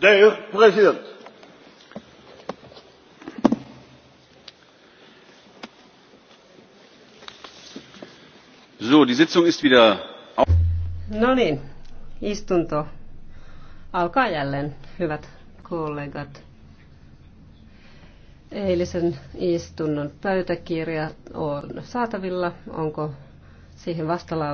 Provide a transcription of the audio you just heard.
Dear President. So, die Sitzung ist wieder No niin, istunto alkaa jälleen, hyvät kollegat. Eilisen istunnon pöytäkirja on saatavilla. Onko siihen vastalla?